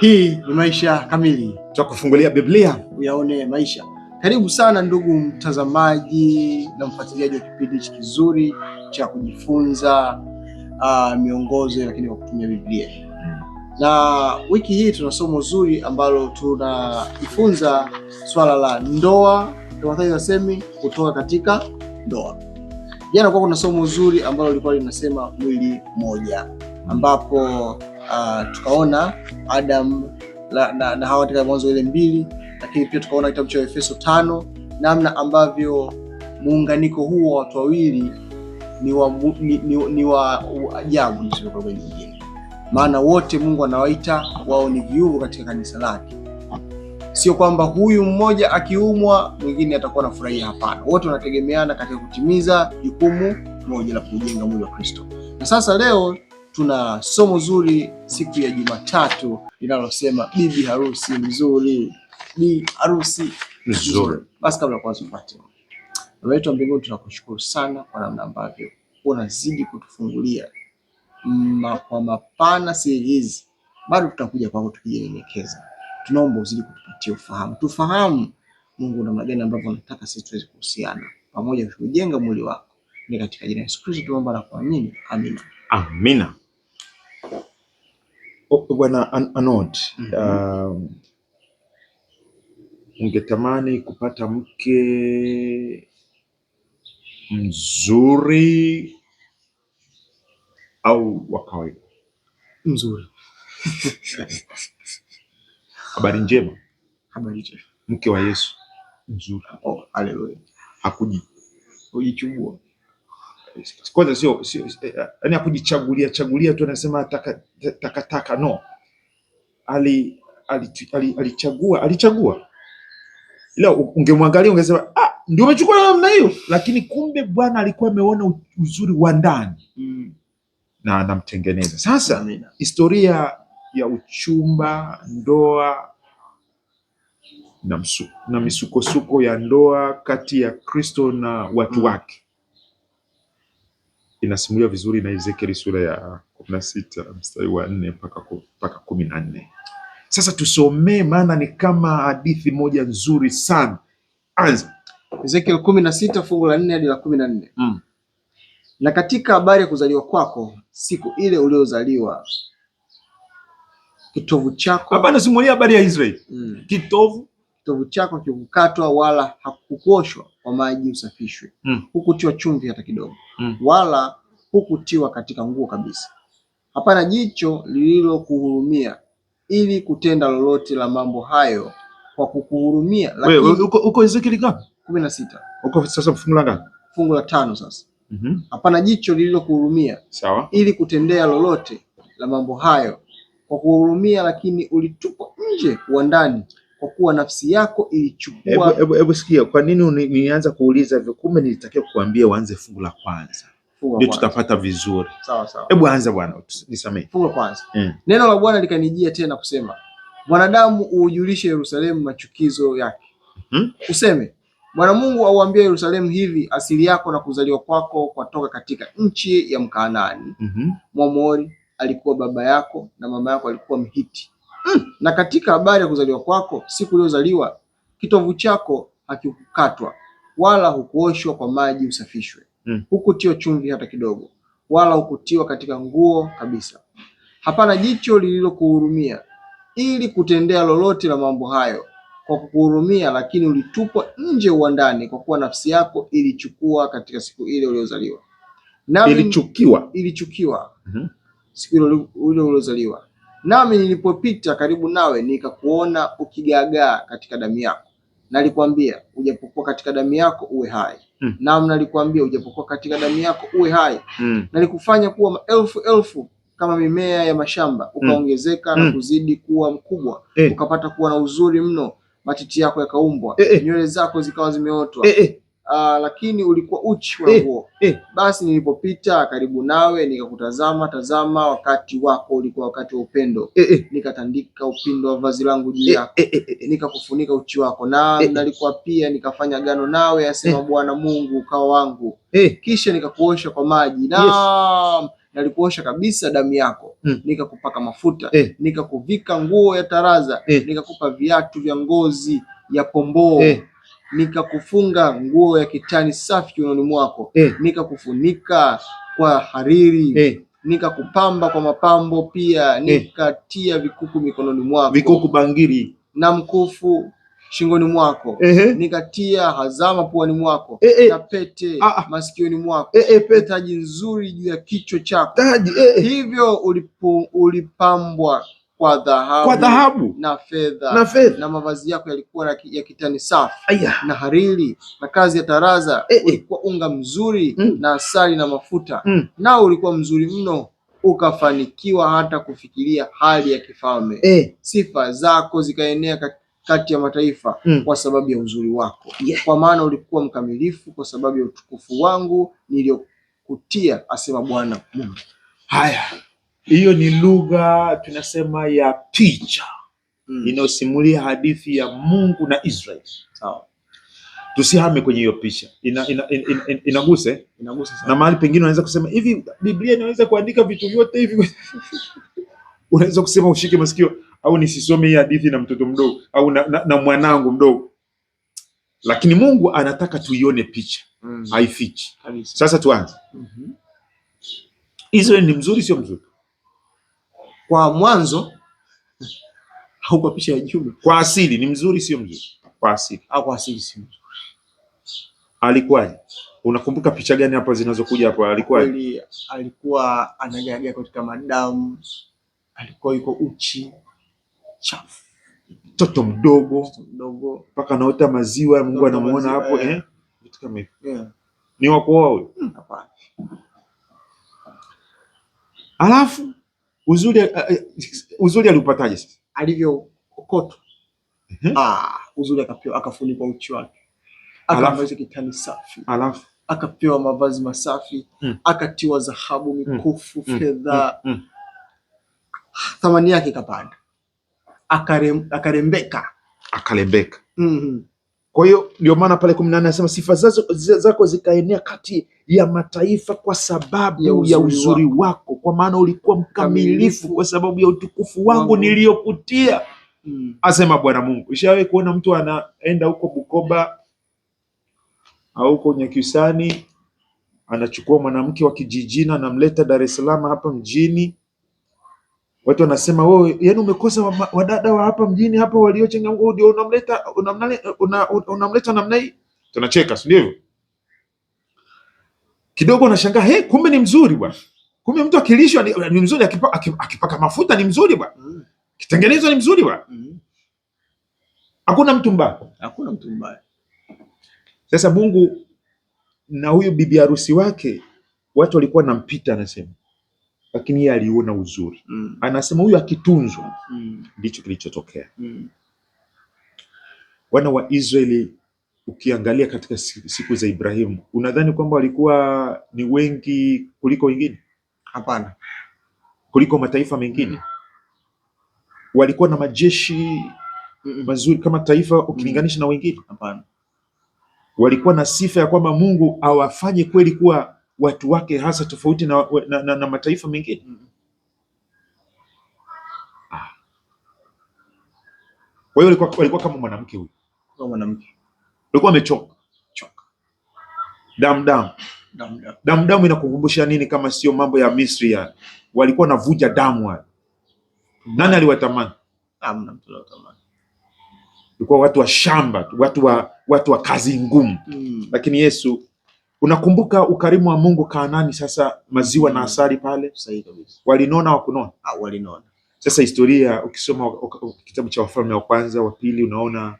Hii ni Maisha Kamili, tutakufungulia Biblia uyaone maisha. Karibu sana ndugu mtazamaji na mfuatiliaji wa kipindi hiki kizuri cha kujifunza uh, miongozo lakini kwa kutumia Biblia. Na wiki hii tuna somo zuri ambalo tunajifunza swala la ndoa, Timotheo asemi kutoka katika ndoa. Jana kwa kuna somo zuri ambalo lilikuwa linasema mwili mmoja ambapo uh, tukaona Adam la, na, na Hawa katika Mwanzo ile mbili, lakini pia tukaona kitabu cha Efeso tano namna ambavyo muunganiko huo wa watu wawili ni wa ajabu niseme kwa lugha nyingine, maana wote Mungu anawaita wao ni viungo katika kanisa lake. Sio kwamba huyu mmoja akiumwa mwingine atakuwa anafurahia, hapana. Wote wanategemeana katika kutimiza jukumu moja la kujenga mwili wa Kristo. Na sasa leo tuna somo zuri siku ya Jumatatu linalosema bibi harusi mzuri, ni harusi mzuri. Basi kabla ya kuanza mapatano, baba yetu mbinguni, tunakushukuru sana kwa namna ambavyo unazidi kutufungulia Ma, kwa mapana siri hizi, bado tutakuja kwako tukijinyenyekeza. Tunaomba uzidi kutupatia ufahamu, tufahamu Mungu namna gani ambavyo unataka sisi tuweze kuhusiana pamoja, kujenga mwili wako. Ni katika jina la Yesu Kristo tunaomba na kuamini, amina, amina. Bwana an an Anod, mm -hmm. um, ungetamani kupata mke mzuri au wa kawaida? Mzuri. Habari njema. Habari njema. Mke wa Yesu mzuri. Oh, haleluya. Hakuji Hakujichubua kwanza sio eh, eh, yani kujichagulia chagulia tu, anasema takataka taka, no ali alichagua alichagua. Ila ungemwangalia ungesema ah, ndio umechukua namna hiyo, lakini kumbe Bwana alikuwa ameona uzuri wa ndani mm. na anamtengeneza sasa. Amina. historia ya uchumba, ndoa na, msu, na misukosuko ya ndoa kati ya Kristo na watu mm. wake inasimuliwa vizuri na Ezekieli sura ya kumi na sita mstari wa nne mpaka kumi na nne. Sasa tusomee, maana ni kama hadithi moja nzuri sana. Anza Ezekieli kumi na sita fungu la nne hadi la kumi na nne. Mm. Na katika habari ya kuzaliwa kwako, siku ile uliozaliwa, kitovu chako. Baba anasimulia habari ya Israeli. Mm. Kitovu kitovu chako kikukatwa wala hakukuoshwa kwa maji usafishwe, mm. hukutiwa chumvi hata kidogo, mm. wala hukutiwa katika nguo kabisa. Hapana jicho lililokuhurumia ili kutenda lolote la mambo hayo kwa kukuhurumia. uko Ezekieli ngapi? kumi na sita. Uko sasa fungu la ngapi? Fungu la tano sasa. Mm-hmm. Hapana jicho lililokuhurumia ili kutendea lolote la mambo hayo kwa kuhurumia, lakini ulitupwa nje ndani kwa kuwa nafsi yako ilichukua. Hebu sikia, kwa nini unianza kuuliza hivyo? Kumbe nilitakiwa kukuambia uanze fungu la kwanza ndio tutapata vizuri. Sawa sawa, hebu anza bwana, nisamehe. Fungu la kwanza mm. Neno la Bwana likanijia tena kusema, mwanadamu, uujulishe Yerusalemu machukizo yake mm. Useme Bwana Mungu auambia Yerusalemu hivi, asili yako na kuzaliwa kwako kwatoka katika nchi ya Mkanaani mm -hmm. Mwamori alikuwa baba yako na mama yako alikuwa Mhiti mm. Na katika habari ya kuzaliwa kwako, siku uliozaliwa kitovu chako hakikukatwa wala hukuoshwa kwa maji usafishwe, mm. hukutiwa chumvi hata kidogo, wala hukutiwa katika nguo kabisa. Hapana jicho lililokuhurumia ili kutendea lolote la mambo hayo kwa kukuhurumia, lakini ulitupwa nje uwandani, kwa kuwa nafsi yako ilichukua katika siku ile uliozaliwa, nami ilichukiwa, ilichukiwa mm -hmm. siku ile uliozaliwa nami nilipopita karibu nawe nikakuona ukigaagaa katika damu yako, nalikwambia ujapokuwa katika damu yako uwe hai mm. Naam, nalikwambia ujapokuwa katika damu yako uwe hai mm. Nalikufanya kuwa maelfu elfu kama mimea ya mashamba, hmm. ukaongezeka mm. na hmm. kuzidi kuwa mkubwa eh. Ukapata kuwa na uzuri mno, matiti yako yakaumbwa eh, eh. Nywele zako zikawa zimeotwa eh. eh. Uh, lakini ulikuwa uchi wa eh, nguo eh, eh. Basi nilipopita karibu nawe nikakutazama tazama, wakati wako ulikuwa wakati wa upendo eh, eh. Nikatandika upindo wa vazi langu juu eh, yako eh, eh, eh. Nikakufunika uchi wako na eh, eh. nalikuwa pia nikafanya gano nawe asema eh. Bwana Mungu ukawa wangu eh. Kisha nikakuosha kwa maji na yes. Nalikuosha kabisa damu yako mm. Nikakupaka mafuta eh. Nikakuvika nguo ya taraza eh. Nikakupa viatu vya ngozi ya pomboo eh nikakufunga nguo ya kitani safi kiunoni mwako eh, nikakufunika kwa hariri eh, nikakupamba kwa mapambo pia eh. nikatia eh, vikuku mikononi mwako, vikuku bangiri na mkufu shingoni mwako eh, nikatia hazama puani mwako eh, eh. na pete ah, ah. masikioni mwako eh, eh, pete taji nzuri juu ya kichwa chako taji, eh, hivyo ulipambwa kwa dhahabu, kwa dhahabu na fedha na fedha, na mavazi yako yalikuwa ya kitani safi na harili na kazi ya taraza e, ulikuwa unga mzuri mm, na asali na mafuta mm, nao ulikuwa mzuri mno ukafanikiwa hata kufikiria hali ya kifalme e. Sifa zako zikaenea kati ya mataifa mm, kwa sababu ya uzuri wako yeah. Kwa maana ulikuwa mkamilifu kwa sababu ya utukufu wangu niliyokutia, asema Bwana Mungu. Haya. Hiyo ni lugha tunasema ya picha mm. inayosimulia hadithi ya Mungu na Israel. sawa. Tusihame kwenye hiyo picha, ina, ina, ina, ina, inaguse na mahali pengine unaweza kusema hivi, Biblia inaweza kuandika vitu vyote hivi unaweza kusema ushike masikio au nisisome hii hadithi na mtoto mdogo au na, na, na mwanangu mdogo, lakini Mungu anataka tuione picha mm. haifichi. Sasa tuanze mm -hmm. Israel ni mzuri, sio mzuri? kwa mwanzo kwa picha ya jumla. Kwa asili ni mzuri, sio mzuri? Kwa asili au kwa asili sio mzuri. Alikuwaje? Unakumbuka picha gani hapa zinazokuja hapa? Alikuwaje? Alikuwa anagaga katika madamu, alikuwa yuko uchi chafu, mtoto mdogo mdogo, mpaka anaota maziwa, ya Mungu anamuona hapo eh. eh, vitu kama hivyo yeah. Ni wa kuoa huyo? Hmm, hapana. Alafu Uzuri uh, uzuri aliupataje sasa? Alivyokokotwa. Mm -hmm. Ah, uzuri akapewa akafunikwa uchi wake. Akavaa kitani safi. Alafu akapewa mavazi masafi, mm. akatiwa dhahabu, hmm. mikufu, mm. fedha. Mm. Mm. Thamani yake ikapanda. Akarem, akarembeka. Akarembeka. Mm kwa hiyo ndio maana pale kumi na nane anasema sifa zazo, zako zikaenea kati ya mataifa kwa sababu ya uzuri, ya uzuri wako. wako kwa maana ulikuwa mkamilifu kwa sababu ya utukufu wangu niliyokutia, mm. asema Bwana Mungu. Ishawahi kuona mtu anaenda huko Bukoba au huko Nyakyusani anachukua mwanamke wa kijijini anamleta Dar es Salaam hapa mjini Watu wanasema wewe, yani umekosa wadada wa hapa mjini hapa ndio unamleta unamleta namna hii. Tunacheka, si ndivyo? Kidogo unashangaa he, kumbe ni mzuri bwana, kumbe mtu akilishwa ni, ni mzuri akipaka, akipaka mafuta ni mzuri bwana, mm. kitengenezwa ni mzuri bwana. Mm. Hakuna mtu mbaya, hakuna mtu mbaya. Sasa Mungu na huyu bibi harusi wake, watu walikuwa nampita, anasema lakini yeye aliona uzuri mm. Anasema huyu akitunzwa mm. ndicho mm. kilichotokea mm. Wana wa Israeli ukiangalia katika siku za Ibrahimu, unadhani kwamba walikuwa ni wengi kuliko wengine? Hapana, kuliko mataifa mengine mm. Walikuwa na majeshi mazuri kama taifa ukilinganisha mm. na wengine? Hapana, walikuwa na sifa ya kwamba Mungu awafanye kweli kuwa watu wake hasa tofauti na, na, na, na mataifa mengine mm. ah. Kwa hiyo walikuwa, kama mwanamke huyu kama mwanamke walikuwa wamechoka choka. Damdamu damdamu damdamu inakukumbusha nini kama sio mambo ya Misri ya walikuwa wanavuja damu wale. Nani aliwatamani? Hamna mtu aliwatamani. Walikuwa watu wa shamba, watu wa, watu wa kazi ngumu mm. Lakini Yesu Unakumbuka ukarimu wa Mungu Kaanani, sasa maziwa na asali pale, walinona wakunona? Ah, walinona. Sasa historia ukisoma kitabu cha Wafalme wa Kwanza, wa Pili, unaona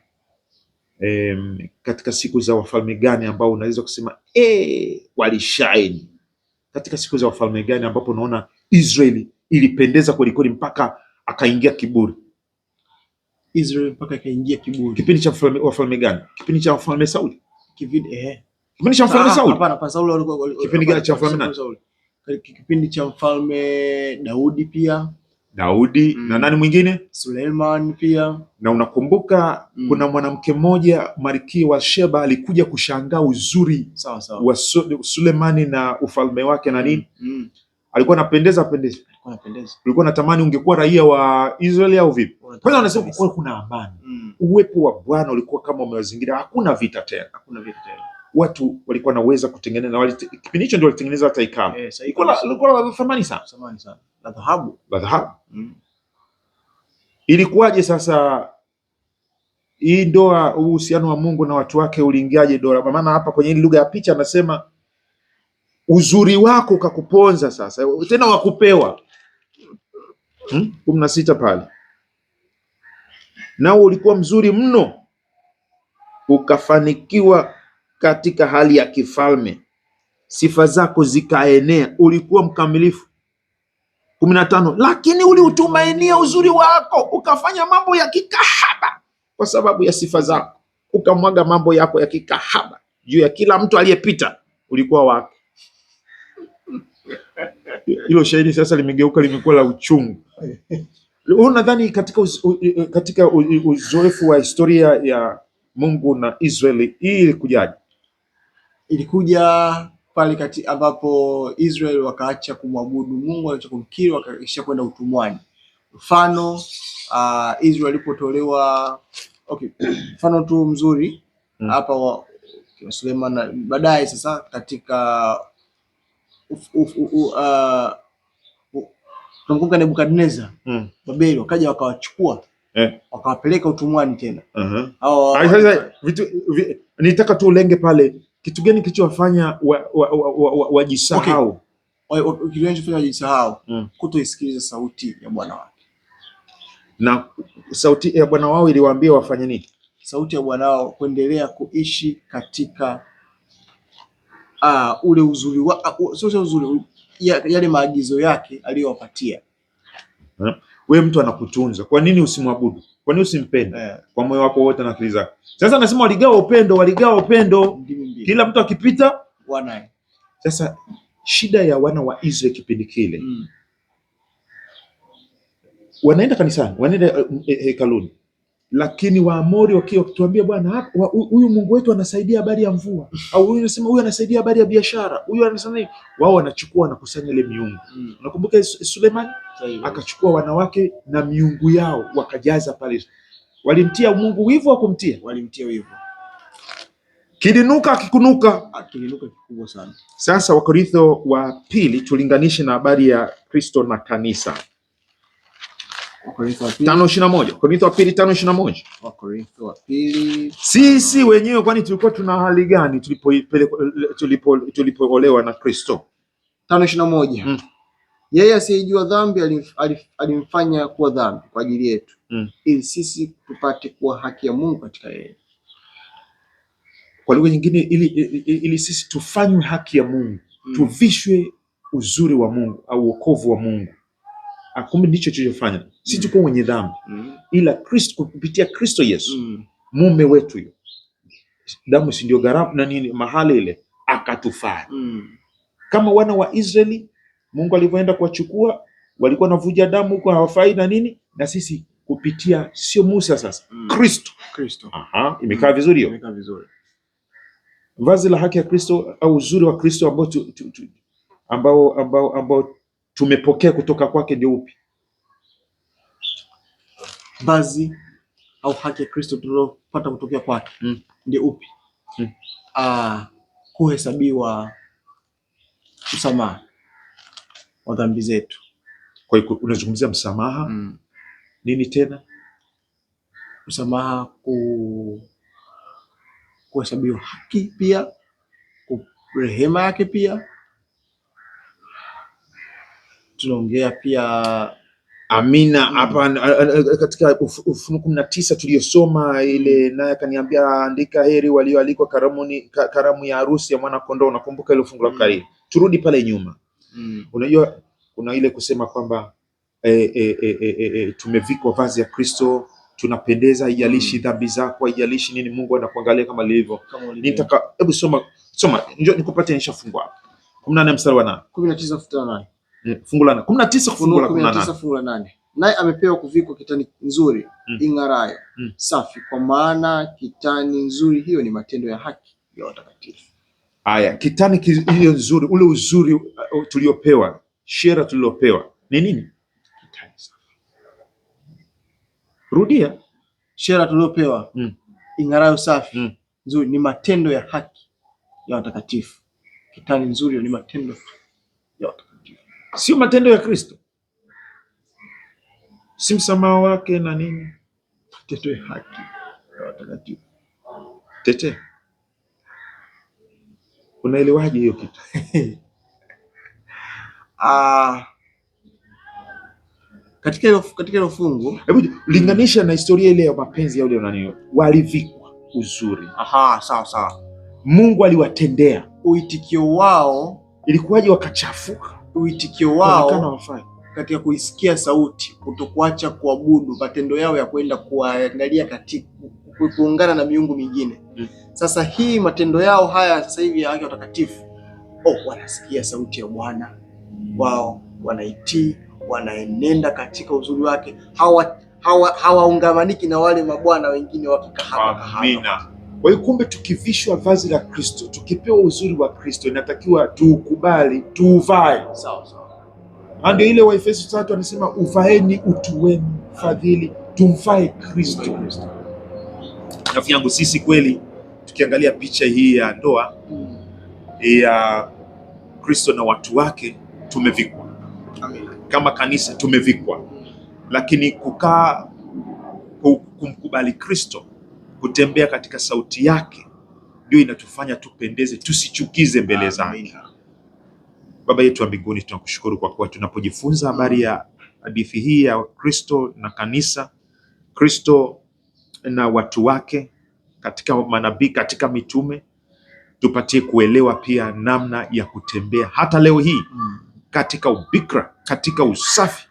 em, katika siku za wafalme gani ambao unaweza kusema eh, walishaini? Katika siku za wafalme gani ambapo unaona Israeli ilipendeza kwelikweli mpaka akaingia kiburi? Israeli mpaka akaingia kiburi. Kipindi cha wafalme gani? Kipindi cha wafalme Sauli. Kipindi eh Kipindi cha mfalme ah, Sauli? Hapana, hapana Sauli alikuwa kipindi gani cha mfalme nani? Kipindi cha mfalme Daudi pia. Daudi mm. na nani mwingine? Suleiman pia. Na unakumbuka mm. kuna mwanamke mmoja Malkia wa Sheba alikuja kushangaa uzuri sawa, sawa. wa Sulemani na ufalme wake na nini? Mm. Mm. Alikuwa anapendeza pendeza. Alikuwa anapendeza. Alikuwa anatamani ungekuwa raia wa Israeli au vipi? Kwanza anasema kwa kuna amani. Mm. Uwepo wa Bwana ulikuwa kama umewazingira, hakuna vita tena. Hakuna vita tena watu walikuwa na uwezo kutengeneza, kipindi hicho ndio walitengeneza hata ikawa eh, ilikuwa la thamani sana la dhahabu la dhahabu. Mm. Ilikuwaje sasa hii ndoa, uhusiano wa Mungu na watu wake uliingiaje Kwa Maana hapa kwenye lugha ya picha anasema uzuri wako ukakuponza, sasa tena wakupewa hmm? kumi hmm? na sita pale nao ulikuwa mzuri mno ukafanikiwa katika hali ya kifalme, sifa zako zikaenea, ulikuwa mkamilifu. kumi na tano. Lakini uliutumainia uzuri wako, ukafanya mambo ya kikahaba kwa sababu ya sifa zako, ukamwaga mambo yako ya kikahaba juu ya kila mtu aliyepita, ulikuwa wake. Hilo shairi sasa limegeuka, limekuwa la uchungu. Unadhani katika, uz, katika uzoefu wa historia ya Mungu na Israeli hii ilikujaje? ilikuja pale kati ambapo Israel wakaacha kumwabudu Mungu, wakaacha kumkiri, wakaisha kwenda utumwani. Mfano uh, Israel ilipotolewa okay, mfano tu mzuri hmm. hapa mm. Okay, Suleiman baadaye sasa katika uh, tunamkumbuka Nebukadnezar mm. Babeli wakaja wakawachukua eh. wakawapeleka utumwani tena uh uh-huh. -huh. Awa, Ay, vitu, vi, nitaka tu ulenge pale kitu gani kilichowafanya wajisahau? wa, wa, wa, wa, wa, Kilichofanya wajisahau mm. kutoisikiliza sauti ya bwana wao, na sauti ya bwana wao iliwaambia wafanye nini? Sauti ya bwana wao kuendelea kuishi katika uh, ule uzuri wa uh, sio uzuri, yale maagizo yake aliyowapatia. Mm. Wewe mtu anakutunza, kwa nini usimwabudu? Kwa nini usimpende? Yeah. Kwa moyo wako wote na akili zako. Sasa anasema waligawa upendo, waligawa upendo kila mtu akipita wanaye. Sasa shida ya wana wa Israeli kipindi kile mm. wanaenda kanisani, wanaenda eh, eh, eh, hekaluni he, lakini Waamori wakiwa kutuambia bwana, huyu wa, Mungu wetu anasaidia habari ya mvua mm. au huyu anasema huyu anasaidia habari ya biashara, huyu anasema hivi, wao wanachukua wanakusanya ile miungu mm. Unakumbuka Suleman akachukua wanawake na miungu yao wakajaza pale. Walimtia Mungu wivu wa kumtia, walimtia wivu kilinuka kikunuka, ah, kilinuka kikubwa sana. Sasa Wakorintho wa pili tulinganishe na habari ya Kristo na kanisa Wakorintho wa pili tano ishirini na moja Wakorintho wa pili. Sisi wenyewe kwani tulikuwa tuna hali gani tulipoolewa tulipo, tulipo na Kristo? tano ishirini na moja mm. Yeye asiyejua dhambi alimfanya kuwa dhambi kwa ajili yetu mm. ili sisi tupate kuwa haki ya Mungu katika yeye kwa lugha nyingine, ili, ili, ili sisi tufanywe haki ya Mungu mm. tuvishwe uzuri wa Mungu au wokovu wa Mungu. Akumbe ah, ndicho chilichofanya sisi mm. tuko wenye dhambi mm. ila Kristo, kupitia Kristo Yesu mm. mume wetu yu. damu, si ndio gharama na nini, mahali ile akatufanya mm. kama wana wa Israeli. Mungu alivyoenda kuwachukua walikuwa wanavuja damu huko, hawafai na nini, na sisi kupitia sio Musa sasa, mm. Kristo mm. Kristo, aha, imekaa vizuri hiyo, imekaa vizuri vazi la haki ya Kristo au uzuri wa Kristo ambao, tu, tu, tu, ambao, ambao, ambao tumepokea kutoka kwake upi vazi au haki ya Kristo tunalopata kutokea kwake mm. ndio upi mm. Ah, kuhesabiwa msamaha wa dhambi zetu. Kwa hiyo unazungumzia msamaha mm. nini tena? Msamaha ku kuhesabiwa haki pia, rehema yake pia. Tunaongea pia Amina hapa mm. Katika Ufunuo kumi na tisa tuliyosoma ile, naye akaniambia andika, heri walioalikwa karamu ya harusi ya mwana kondoo. Unakumbuka ile fungu la Mkarii? Mm. Turudi pale nyuma mm. Unajua kuna ile kusema kwamba e, e, e, e, e, tumevikwa vazi ya Kristo tunapendeza, ijalishi mm. dhambi zako, ijalishi nini, Mungu anakuangalia kama lilivyo. Nitaka hebu soma soma, njoo nikupate nisha fungua hapa 18 mstari wa 8 19 mstari wa 8 mm, fungu la 19 fungu la 18 naye amepewa kuvikwa kitani nzuri mm. ing'arayo mm. safi, kwa maana kitani nzuri hiyo ni matendo ya haki ya watakatifu. Aya, kitani hiyo nzuri, ule uzuri uh, tuliopewa, shera tuliopewa ni nini? Rudia shera tuliopewa mm. ing'arayo safi mm. nzuri ni matendo ya haki ya watakatifu. Kitani nzuri ni matendo ya watakatifu, sio matendo ya Kristo, si msamaha wake na nini, matendo ya haki ya watakatifu. Tete, unaelewaje hiyo kitu? ah katika hilo katika hilo fungu, hebu linganisha na historia ile ya mapenzi ya ule nani, walivikwa uzuri. Aha, sawa sawa. Mungu aliwatendea, uitikio wao ilikuwaje? Wakachafuka. Uitikio wao katika kuisikia sauti, kutokuacha kuabudu, matendo yao ya kwenda kuangalia katika kuungana na miungu mingine. Hmm. Sasa hii matendo yao haya sasa hivi ya wake watakatifu, oh, wanasikia sauti ya Bwana wao wanaitii wanaenenda katika uzuri wake, hawaungamaniki hawa, hawa na wale mabwana wengine wa kikahaba kahaba. Kwa hiyo kumbe, tukivishwa vazi la Kristo, tukipewa uzuri wa Kristo, inatakiwa tuukubali, tuuvae sawa sawa. Ndio ile Waefeso tatu anasema uvaeni utu wenu fadhili, tumvae Kristo. Rafiki yangu, sisi kweli tukiangalia picha hii ya ndoa mm. ya Kristo na watu wake tumevikwa kama kanisa tumevikwa, lakini kukaa kumkubali Kristo, kutembea katika sauti yake ndio inatufanya tupendeze, tusichukize mbele zake. Baba yetu wa mbinguni, tunakushukuru kwa kuwa tunapojifunza habari ya hadithi hii ya Kristo na kanisa, Kristo na watu wake katika manabii, katika mitume, tupatie kuelewa pia namna ya kutembea hata leo hii mm katika ubikra, katika usafi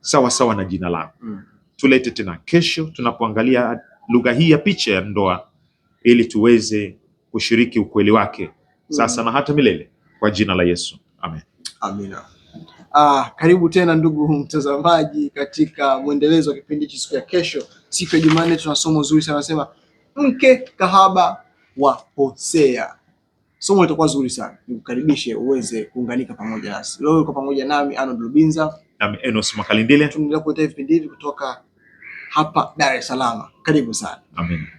sawa sawa na jina lako mm. Tulete tena kesho tunapoangalia lugha hii ya picha ya ndoa, ili tuweze kushiriki ukweli wake sasa mm. na hata milele kwa jina la Yesu Amen. Amina. Ah, karibu tena ndugu mtazamaji katika mwendelezo wa kipindi cha siku ya kesho, siku ya Jumanne tunasoma uzuri sana, nasema mke kahaba wa Hosea somo litakuwa zuri sana, nikukaribishe uweze kuunganika pamoja nasi leo. Uko pamoja nami Arnold Lubinza na Enos Makalindile, tunaendelea kuleta vipindi hivi kutoka hapa Dar es Salaam. Karibu sana, amen.